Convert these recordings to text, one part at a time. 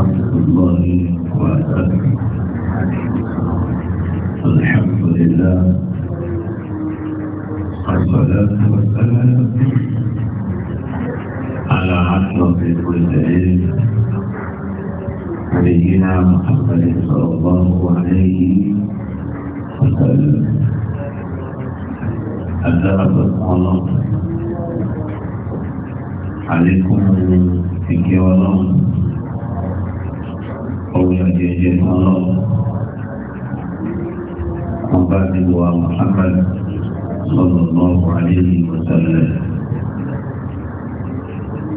ورحمة الله وبركاته الحمد لله والصلاة على أشرف محمد صلى الله عليه وسلم أدرك الله عليكم في كرامه ọ̀yọ̀ jẹjẹ sọ́nà ọba nílùú Muhammad sọ̀rọ̀ náà wà nínú ìmọ̀sálẹ̀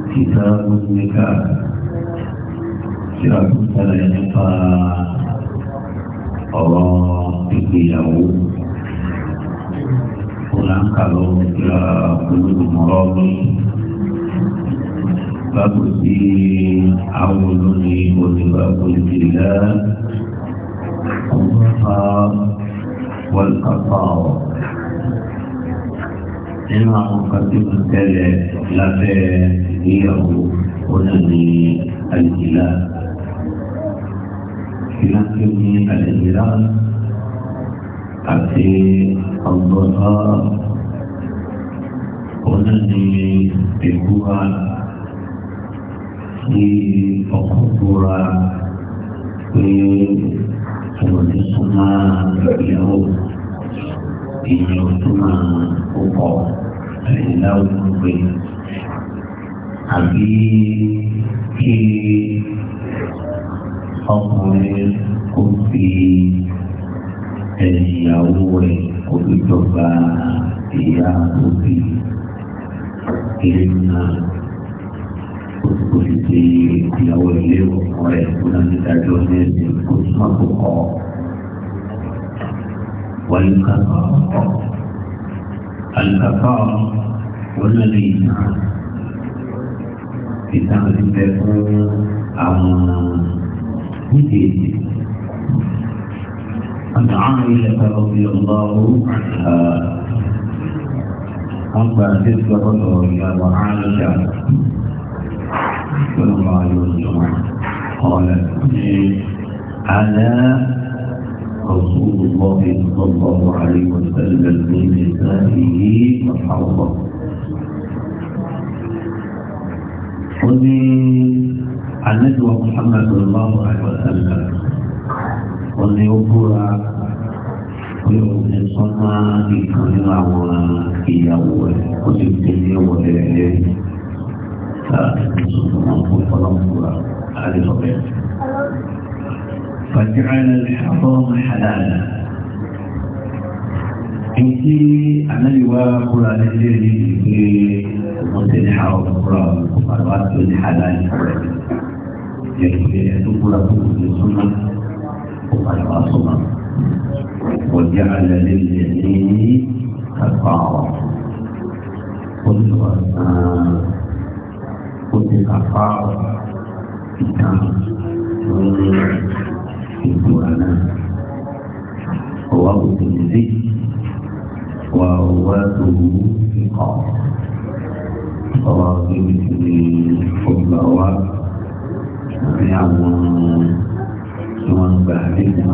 kìtà níkà tí a tún sẹ́lẹ̀ nípa ọ̀rọ̀ ìgbéyàwó ó là ń báàbò sí àwọn olómi onígbàgbọ́ ìdílé ọgbọ́nfà wọlkàpọ̀ nínú àwọn kàtíkù tẹ́lẹ̀ lábẹ́ ìgbéyàwó onáni àìjìlá ìlànà ní àìjìlá àti ọgbọ́nfà onáni ìgbéyàwó tí ọkọ̀ búra pé ọ̀rọ̀ ti súnmọ́ ìyàwó ìyàwó tó máa kókọ̀ ẹ̀yìnlá òkú pé àbí kí ọkùnrin kò fi ẹ̀yìnlá rẹ̀ kò fi jọba ìyá tó bí òṣìṣẹ́ ìyàwó ilé ọ̀rẹ́ ìfúnná nídájọ́ ní ẹ̀sìn kò sún àkókò wàlúkàkọ́ àlùkàkọ́ onílé ìtàn ìtàn ti bẹ fún àwọn méjèèjì. عن عائشة رضي الله عنها أما تذكر رضي الله عنها صلى الله عليه وسلم قال على رسول الله صلى الله عليه وسلم من نسائه والحرصة قل عن ندوة محمد صلى الله عليه وسلم قل يقول ويقول صلى الله عليه وسلم nínú àwọn ìyàwó rẹ̀ فاجعل الحرام حلالا انت انا وقرا لدي في مدن حرام قرا قرات الحلال يعني تقرا السنه قرا السنه وجعل لليمين كفاره قلت àpá ìtàn lórí ìbúra náà. Ọwọ́ àbùkù ìdí wà ọwọ́ tó kọ̀. Ọwọ́ tó ní ti ọgbà wá ní àwọn tí kan nínú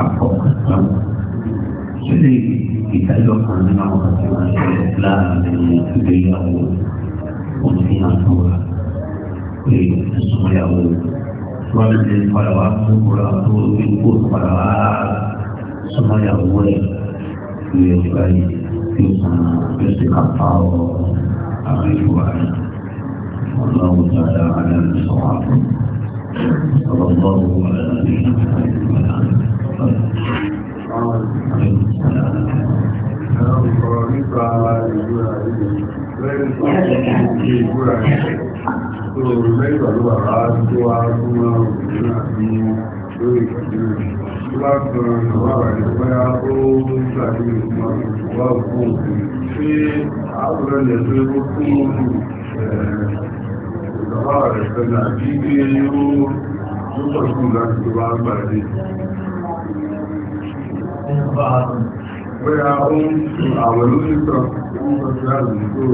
àwọn tí wọ́n ń ìgbéyàwó? wọn fi hàn fún wa pé ẹ̀sùn ìyàwó wọn ti padà wá fún kura tó ikú padà wá sọmọ ìyàwó rẹ̀ ìyẹn ìgbà yìí tí ó sàn tó ti kà pa ọ àwọn ìfowó rẹ̀ ọlọ́run tààdà alẹ́ sọ̀rọ̀ àpò sọ̀rọ̀ lọ́wọ́ alẹ́ àti ìfowó rẹ̀. Àwọn ọ̀rọ̀ nípa ìlú àìyedè lẹ́yìn tó ti di ìbúra yẹn tó lẹ́yìn tó wà á tó wá tó máa ń wù ní àbí lórí ìgbàdí rẹ̀ tó bá kan àwọn àbàdé bóyá ó ń gbàdí rẹ̀ tó máa ń wà òkú òkú ṣé àwòrán lè tó ó kún ìjọba rẹ̀ pẹ̀lú àbí bí ó ló pọ̀ sí láti tó bá gbàdé bóyá ohun àwẹ̀ ló ní sọ ohun tó ti láti tó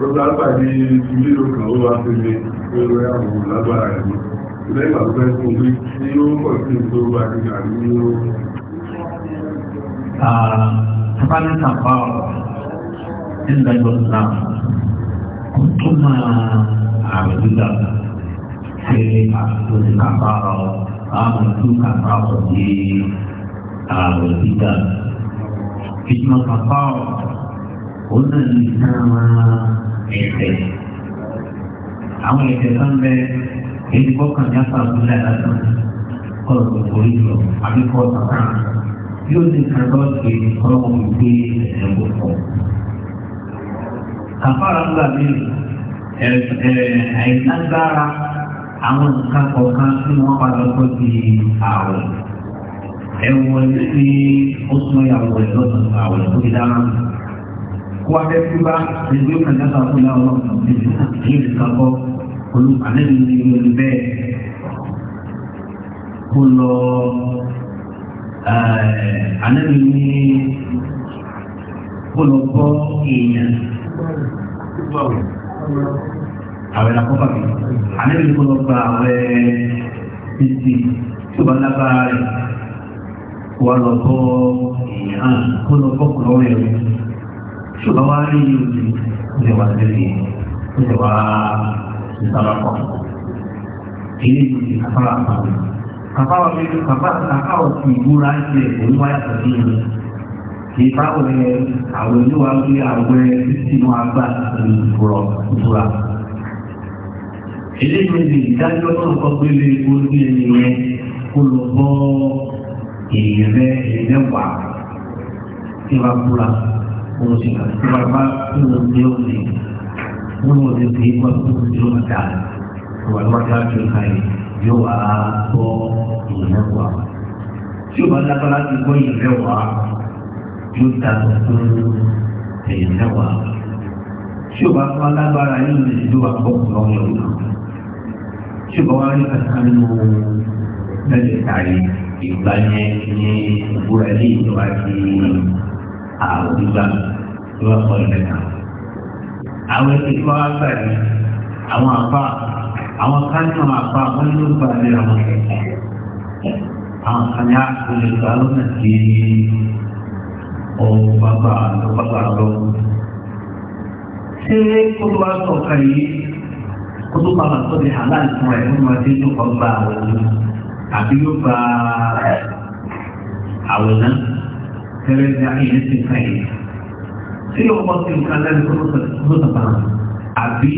rọ́gbà pàdé ti lílo kan ó wá sí mi pé ó yà wò lágbára rẹ̀ mọ́ lẹ́yìn àwọn fẹ́ fún mi tí ó pọ̀ sí tó bá ti gbà ní ó. Tábàlì tàbá ọ̀rọ̀ nígbà tó ń ta kó tó máa àwẹ̀ dídà ṣe àtúnṣe kàbá ọ̀rọ̀ àwọn ìlú kàbá ọ̀rọ̀ yìí àwẹ̀ dídà ìtumọ̀ bàbá ọ̀ òun náà ní ìtàn ẹ̀fẹ̀. àwọn ẹ̀fẹ̀ kan bẹ ẹni gbọ́kàn ní àfàgùn lẹ́dàá kọ́ọ̀rọ̀ tó forí lọ àbí kọ́ọ̀tà kan yóò ní kan lọ́ọ̀dì ọlọ́wọ́n mi gbé ẹ̀sẹ̀ bò pọ̀. kàfàrà ń gbà mí àìlágbára àwọn nǹkan kọ̀ọ̀kan tí wọ́n padà sọ́ di ààrùn ẹ̀wọ̀n tí ó sún ìyàwó rẹ̀ lọ́sàn àwẹ̀ tó fi dára. Kó wá fẹ́ fún bá ẹgbẹ́ òkè dáta fún ìyàwó ìlú ìsàkọ́ olú àlejò ní ìlú ẹni bẹ́ẹ̀ kó lọ àlejò ní kó lọ bọ́ èèyàn. Àwẹ̀ la kọ́ bàbí. Àlejò ní kó lọ gba àwẹ̀ títí tó bá lágbára rẹ̀ wà lọ kọ́ ìyàn kó lọ kọ́kọ́ lọ́wọ́ ẹ̀rọ ṣùgbọ́n wá rí ìlú ìlú wa lórí ìlú wa ìsàlọ́pọ̀ ilé ìlú àfárá kan àfárá mi bàbá àfárá ti ìbúra ṣe òun wá yàtọ̀ sí ìlú ìbáwọ̀ ẹ̀ àwọn olúwa wí àwọn ẹ̀ sínú agbá ìbúrọ̀ ìbúra eléyìí ni ìdájọ́ náà kọ́ pé lè kó ní ẹni yẹn kó lọ bọ́ èèyàn bẹ èèyàn bẹ wà tí wàá búra òun sì kà tí wàá bá tí wọn ní òun ní wọn ní òun ní wọn tó ń dúró ọ̀dà ìwà ni wọn ti rájò ká yìí yóò wá gbọ́ èèyàn wà tí o bá lágbára ti gbọ́ èèyàn bẹ wà yóò dàgbà tó èèyàn bẹ wà tí o bá fún alágbára yóò lè ló wà gbọ́ kúrọ́ yóò lọ tí o bá wá rí kankan nínú lẹ́yìn ìta ìgbà yẹn ní ìbúra ilé ìjọba ti àwọn ìgbà tí wọ́n kọ́ ilẹ̀ náà. àwọn ètò ìkọ́ àgbàdì àwọn àfa àwọn kájú àfa wọn ló gba ilé àwọn àwọn kan yá olùkọ́ lọ́nà tí ọ̀hún bàbá àlọ́bàbà lọ́wọ́. ṣé kó tó wá sọ̀kan yìí kó tó bàbá sọ̀rọ̀ àlàyé fún ẹ̀ fún ọmọdé tó kọ́ gba àwọn olùkọ́ àbí yóò fa àwòrán tẹ́lẹ̀ ní àyẹ̀yẹ́ ti fẹ́ yìí. Tí ọmọ ti ń kan lẹ́nu tó sọ̀tà àbí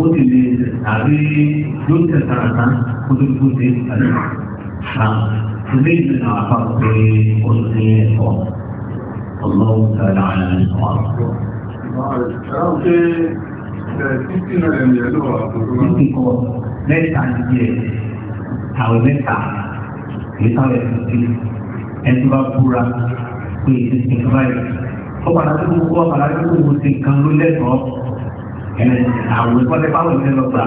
ó ti lè àbí yóò tẹ̀ sàràtà kó tó kó tẹ̀ sàràtà. Ilé ìgbìmọ̀ àpapọ̀ pé ó ti ń ọ̀ ọlọ́run tẹ̀lé àyẹ̀ ní ọ̀rọ̀. Àwọn ṣe títí náà ẹ̀mí ẹ̀ lọ́wọ́ àpòtò. Títí kọ lẹ́ta ìdí ẹ̀ àwọn mẹ́ta ìgbésà rẹ̀ tó ti ẹni bá búra pé èsì ti kọ́ báyìí. ó padà tó kókó wá padà tó kókó ti kan ló lẹ́tọ̀ọ́ ẹni àwọn ìpọ́nlẹ̀ báwọn ìlú lọ gbà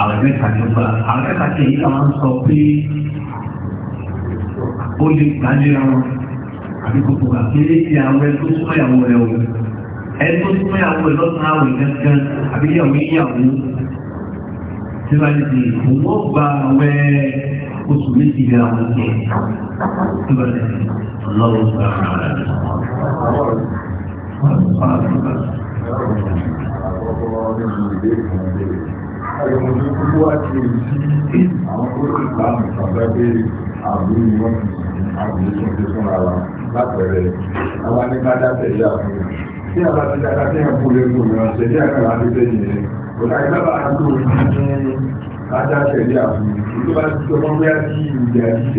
àwọn mẹ́ta ló gbà àwọn mẹ́ta ti èyí làwọn ń sọ pé ó lè gbàlera wọn àbí gbogbo àkéré ti àwọn ẹni tó súnmọ́ ìyàwó rẹ̀ o ẹni tó súnmọ́ ìyàwó rẹ̀ lọ́sàn-án àwìn gángan tẹ́lẹ̀dì wọ́n gba àwẹ̀ oṣù méjì lé àwọn ọ̀sẹ̀ tẹ́lẹ̀dì ọlọ́run gba ara rẹ̀. Àwọn olùkúkú wá ti rí àwọn olùkúkú àmì pàtàkì àbúrò ìwọ̀n àbúrò ìṣòfin fún ara látẹ̀rẹ̀. Àwọn anígbádá tẹ̀lé àbúrò tí a bá ti tí a kú lẹ́kùn mìíràn ṣe jẹ́ àkàrà àti tẹ́yìn rẹ̀ kò àdúgbò ní ní ajáṣẹ̀lé àfún tó bá ti tọ́ mọ́gbé àti àti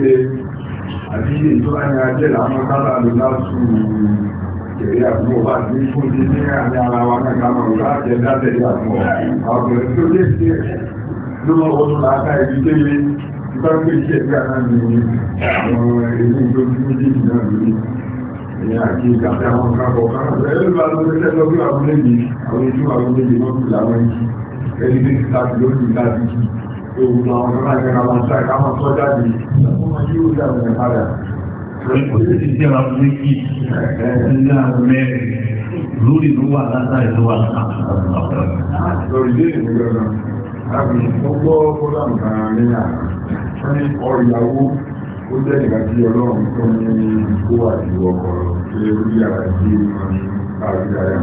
ilé tó ní ajẹ́ làwọn sábà lò láṣù ìjẹ̀rí àfún ọba àti fún ti ní àmì ara wa náà kà máa wá jẹ́ àfún ọ àwọn tó lè ṣe ló ìyá àti ìkàtà àwọn kakọ̀ kakọ̀ ẹ̀rọ bá ló fẹ́ lọ bí àwọn méjì àwọn ojú àwọn méjì wọ́n fi làwọn ẹ̀jì ẹni tí láti ló ti láti kí ogun àwọn ọmọ náà kẹra wọn sáà káwọn sọ jáde àwọn ọmọ yóò dà wọn padà. Oríṣiríṣi ti ra fún méjì ní àwọn mẹ́rin lórí ló ó jẹ́ nìkan tí ọlọ́run tó ní kó àti ọkọ̀ tó lé lórí ara ìdí wọn ní káàkiri ara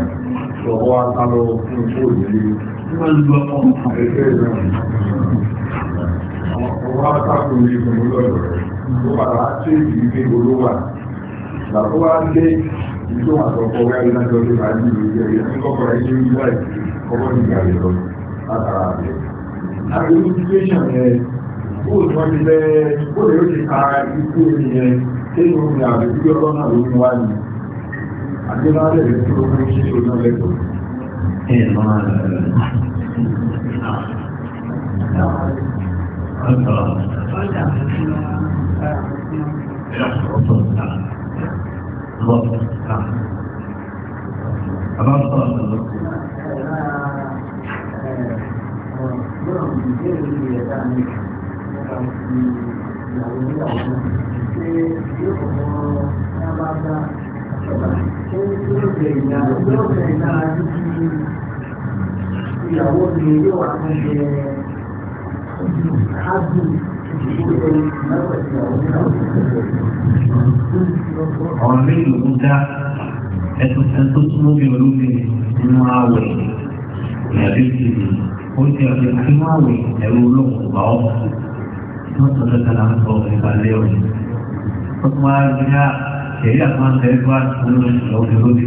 ọwọ́ atálọ́ fún kó ìdílé ẹgbẹ́ náà ọwọ́ atákùn ní ìpínlẹ̀ lọ́dọ̀ rẹ̀ tó padà tí ìdílé pé olówà làkó wá dé ìjọ àtọ̀kọ̀ wáyé lájọ́ tó bá ní bóò tí wọ́n ti bẹ́ bóò lè ó ti ka ikú omi yẹn tí ó ń rìn àbí bí ọlọ́nà ló ń wá ní àdébálẹ̀ rẹ̀ tí ó ń ṣe tó náà lẹ́kọ̀ọ́. Ọ̀dọ̀ ọ̀dọ̀ rẹ̀ náà ju kí ìyàwó mi yóò wà fún ṣe ájú ọ̀rẹ́ ìlú dá ẹ̀sùn tó túnmọ́ bí olóde nínú ààwẹ̀ ìyàbí ti di ó ti ọ̀dẹ̀ nínú ààwẹ̀ ẹ̀rọ olóhùn bá ọ́ wọ́n sọ lọ́ta là ń sọ ìbálẹ̀ ọ̀rẹ́ wọ́n tún wá rí ní àṣẹ̀yí àtúntẹ̀ bá tún lọ́wọ́ olóde.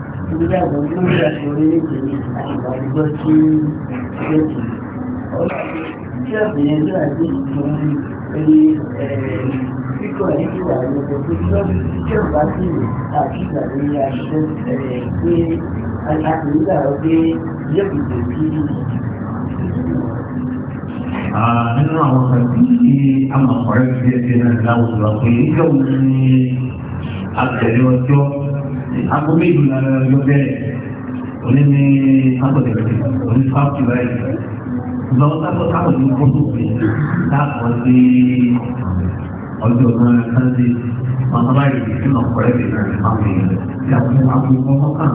ìdílé Nínú àwọn kan tí a máa kọ̀rẹ́ sí ẹgbẹ́ náà láwùjọ pé yóò ní àtẹ̀lé ọjọ́ aago méjì lára ló bẹ̀rẹ̀ òní ní sátọ̀dẹ̀ òní fáàkì báyìí lọ́wọ́ sátọ̀ sátọ̀ ní fọ́tò pé dáàbò sí ọjọ́ kan sáńdé màmá báyìí tí mo kọ́ ẹ̀ bẹ̀rẹ̀ àwọn èèyàn tí àwọn ọmọ kan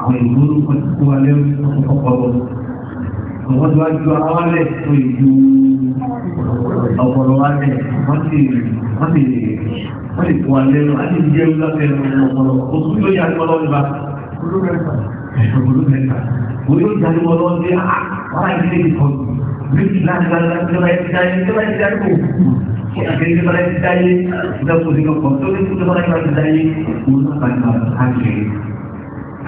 àwọn ìgbóhùn kọ́ wọ́n tó wá ju àwọn alẹ́ tó ìlú ọ̀pọ̀lọ̀ alẹ́ wọ́n sì wọ́n sì wọ́n sì fún alẹ́ lọ láti jẹ́ lọ́sẹ̀ ọ̀pọ̀lọ̀ oṣù tó yà lọ́wọ́ nípa olú mẹ́ta olú ìdájọ́ wọn lọ́wọ́ sí àwọn àìsí ìkọlù bí lágbàlá ìjọba ẹ̀ ti dáyé ìjọba ẹ̀ ti dáyé kò kí àgbẹ̀ ìjọba ẹ̀ ti dáyé ìjọba ẹ̀ ti dáyé ìjọba ẹ̀ ti dáyé òun náà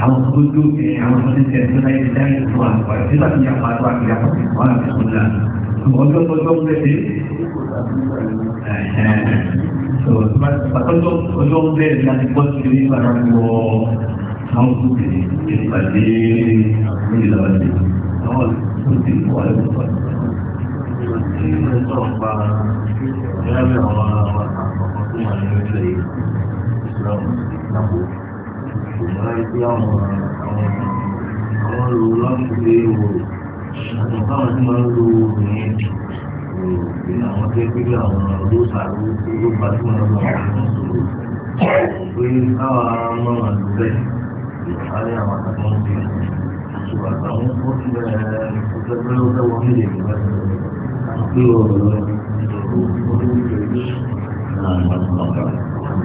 àwọn tó tó ẹ àwọn tó ti tẹ̀sí láyé dáyé fún àpá nígbà tí a máa tó àti àpò wọn àti sùnà ọjọ́ ọjọ́ ń bẹ̀rẹ̀ ọjọ́ ọjọ́ ń bẹ̀rẹ̀ láti bọ́ sí ní ìgbà náà wọ àwọn tó ti ìpàdé ní ìlànà àwọn tó ti wọ ẹ̀kọ́ pàdé. Tí ó sọ̀rọ̀ pa àwọn àwọn tó wà nínú ilé ìlú ìlú ìgbàlá wọ́n lò sọ̀rọ̀ pé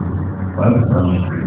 ọ̀rọ̀ ọ̀rọ̀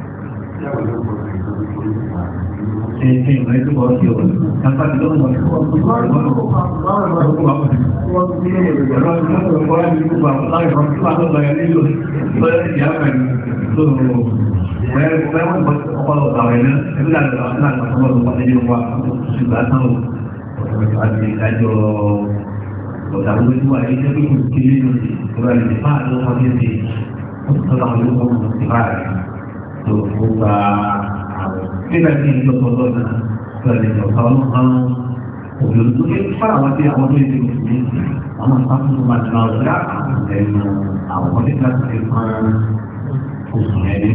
Sì, ma è un po' di ore. Ma tó ó gba àwẹ̀. nígbà tí ìlú ọ̀tọ̀ọ̀tọ̀ náà gbọ́dọ̀ ìjọba ọlọ́run òbí tó ní fún àwọn tí àwọn tó ń tẹ̀lé sí àwọn ìpàkùn tó máa dùn àwọn ìyá ẹnu àwọn ọdẹ láti fi fún oṣù ẹni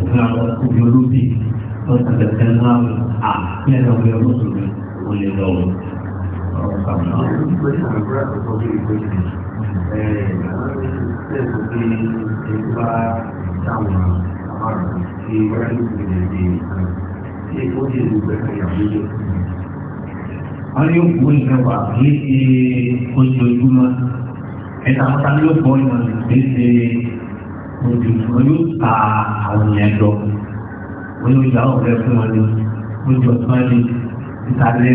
òfin àwọn òbí olóbì tó ń tẹ̀lé tẹ́lẹ̀ náà à ní ẹ̀rọ òbí olóṣù rẹ̀ ó lè lọ rẹ̀. Ẹ̀ẹ́dẹ̀ẹ́dẹ̀ tó fi ẹgbàá táwọn amara e para entender e poder lutar a vida. Olha o punho que eu abri e ojoojúmọ́. Ẹ̀ta pátá ló bọ́ ìmọ̀ ìgbésẹ̀ ojoojúmọ́ yóò ta àwọn yẹn lọ. Wọ́n yóò yá ọ̀rẹ́ fún wọn ní ojú ọ̀sán ní ìtàlẹ́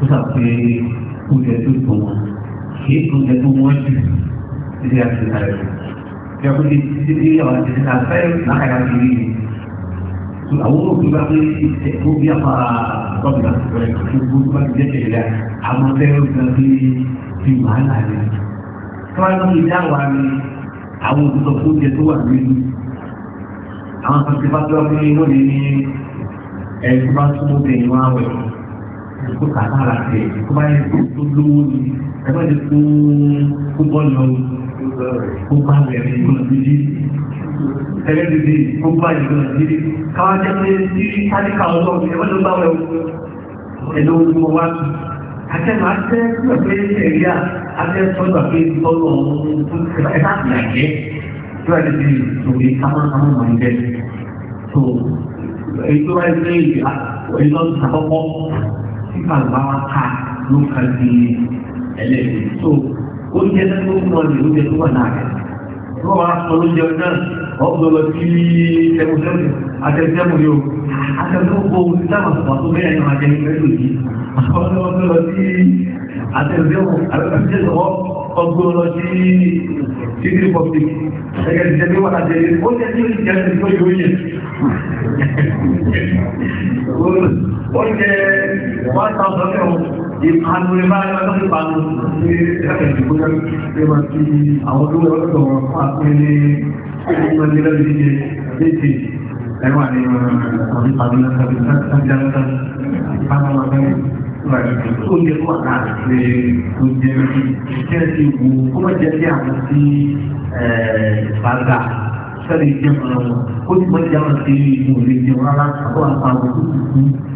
ó sàpé oúnjẹ tó tó wọn. Kì í oúnjẹ tó wọ́n jù sílé àti ìtàlẹ́ ṣe kó ti ti ti ọ̀nà ti ti ta fẹ́ lákàtà ti rí àwọn olóògùn bá pé ṣe kó bí apá gọ́ọ̀nà rẹ̀ gbogbo bá ti jẹ́ tẹ̀lé àwọn fẹ́rẹ́ gan bí bí wàhálà rẹ̀. Tọ́lá ní ìdáwà ni àwọn òṣìṣẹ́ oúnjẹ tó wà nínú àwọn kan ti bá tọ́ pé wọ́n lè ní ẹ̀rù bá súnmọ́ bẹ̀rẹ̀ wọn àwẹ̀ kó kàtà àlàfẹ́ kó bá yẹ lówó ni ẹgbẹ́ ti kó bọ́ọ̀lù ọ̀hún ó bá bẹ̀rẹ̀ ìgbọ̀n dídí ẹlẹ́dìdì ó bá ìgbọ̀n dídí káwá jẹ́ pé tí káríkà ọlọ́run ẹ̀wọ́n ló bá wẹ̀ ẹ̀lọ́ olúmọ wá akẹ́kọ̀ọ́ akẹ́ pé ẹ̀yà akẹ́kọ̀ọ́ pé tọ́lọ̀ ẹ̀ká ti àjẹ́ tí wàá dídí òwe kámákámá máa ń bẹ̀ tó èyí tó wáyé pé ìlọ́ ìsàkọ́kọ́ tí kàlùbá wá ká ló kà sí oúnjẹ náà ló fún ọdún oúnjẹ tó wà náà tó wà sọ oúnjẹ náà ọgbọ̀n lọ sí ẹgbẹ̀sẹ̀mù àtẹ̀sẹ̀mù yóò àtẹ̀sẹ̀mù kó ohun tí táwọn sọ̀rọ̀ tó bẹ́ẹ̀ náà jẹ́ ìfẹ́ lòdì ọgbọ̀n lọ sí àtẹ̀sẹ̀mù àtẹ̀sẹ̀mù ọgbọ̀n lọ sí títí pọ̀pì ẹgbẹ̀ ìjẹ́bí wà láti ẹ̀yẹ oúnjẹ tí ó ti jẹ́ ìfẹ́ yóò ìpanu ẹbá ẹgbẹ́ ìpanu ní ẹgbẹ́ ìgbóyá ẹgbẹ́ ti àwọn tó wọ́n sọ̀rọ̀ fún àpẹ́ ní ìgbẹ́lẹ́ ìdíje léjì ẹwà ní ọdún ìpanu lẹ́sàbí sábí lẹ́sà ìpanu ọ̀gá tó yẹ kó àná àti tó jẹ kí ẹ ti wù kó má jẹ kí àwọn sí ìpàgà sẹ́lẹ̀ ìjẹun ọ̀rọ̀ kó ti mọ̀ jẹun sí ìmọ̀ ìlẹ̀ ìjẹun rárá àbọ̀ àpamọ́ tó ti kú.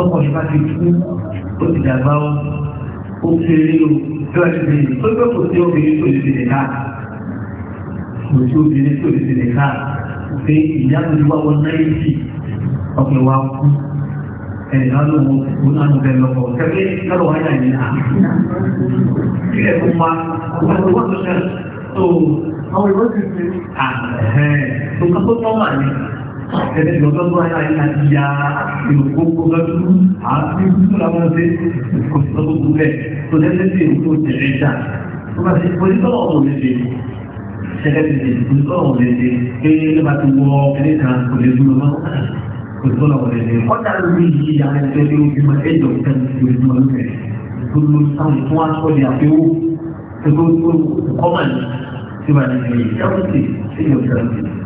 ọkọ̀ yìí bá ti kú ó ti o tí wọ́n ti di ìlú tó gbé kò sí obìnrin tó lè dìde náà kò sí obìnrin tó lè dìde náà pé ìyá tó ti wá wọn náà yìí sí ọkọ̀ wa kú ẹ̀yìn náà ló wọ́n kú náà ló bẹ̀rẹ̀ lọ́kọ̀ kẹ́kẹ́ lọ́rọ̀ wáyà yìí náà kí ẹ̀ fún wa wọ́n ti wọ́n tó sẹ́yìn tó àwọn ìwọ́n ti fi àhẹ́ tó kọ́ tó tọ́ ẹ̀ẹ́dẹ́ lọ́tọ́tọ́ ayá àti ya ìrùkókó lọ́tú àti ìrùkókó làwọn ṣe kò sí lọ́tọ́ tó bẹ́ẹ̀ tó lẹ́sẹ̀ sí èyí tó tẹ̀lé dà tó bá ṣe pé nítorí ọ̀rọ̀ lè ṣe ṣẹlẹ̀ ti ṣe nítorí ọ̀rọ̀ lè ṣe pé ẹ bá ti wọ ẹni kan kò lè dúró mọ́ kò sí lọ́wọ́ lè ṣe kọ́tà lórí yìí ya ẹgbẹ́ tó fi máa ẹjọ́ ìtàn ìgbésí wọn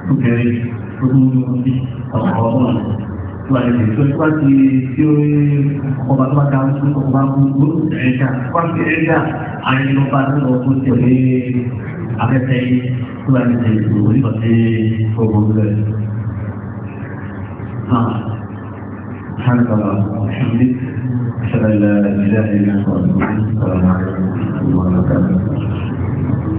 lókè ọba tó bá dá fún ọba gbogbo ẹ̀ka pàṣẹ ẹ̀ka ayélujára tó lọ fún tẹ̀lé afẹ́fẹ́ yìí tó bá tẹ̀lé ìṣòro nípa tí ọgbọ̀n rẹ̀. سبحانك اللهم وبحمدك اشهد ان لا اله الا انت السلام عليكم